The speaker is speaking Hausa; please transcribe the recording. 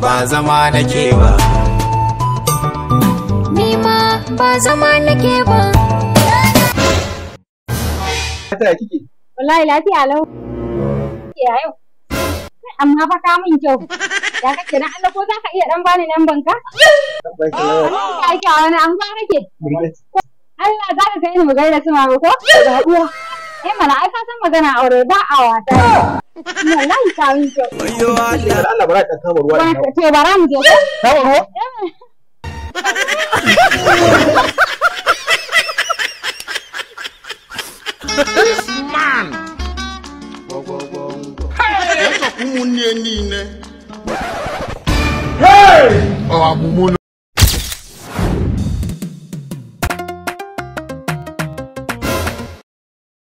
ba zama nake ba nima ba zama nake ba ta kike wallahi lafiya lau ke yau amma fa ka min kyau ya kake na Allah ko za ka iya dan bani nan banka Allah ya wani an ga nake Allah za ka kai ni mu gaida su mama ko ba haɗuwa eh mana ai ka san magana aure ba a wata cancho. Baranda, baranda, estamos guay. Tío Baranda. ¿Estamos guay? This man. Hey! Hey! Oh, I'm